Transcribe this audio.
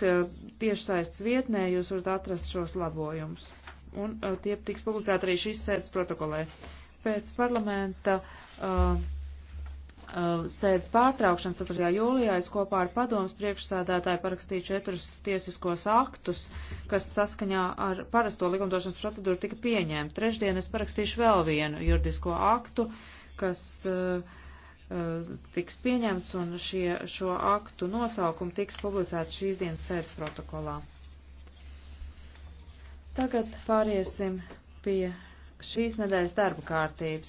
iet eh, tiešsaistes vietnē, jūs varat atrast šos labojumus. Un eh, tie tiks publicēti arī šīs sēdes protokolē. Pēc parlamenta uh, sēdes pārtraukšanas 4. jūlijā es kopā ar padomus priekšsādātāju parakstīju četrus tiesiskos aktus, kas saskaņā ar parasto likumdošanas procedūru tika pieņemti. Trešdien es parakstīšu vēl vienu juridisko aktu, kas uh, Eh, tiks pieņemts un šie, šo aktu nosaukumi tiks publicēts šīs dienas sēdes protokolā. Tagad pāriesim pie šīs nedēļas darba kārtības.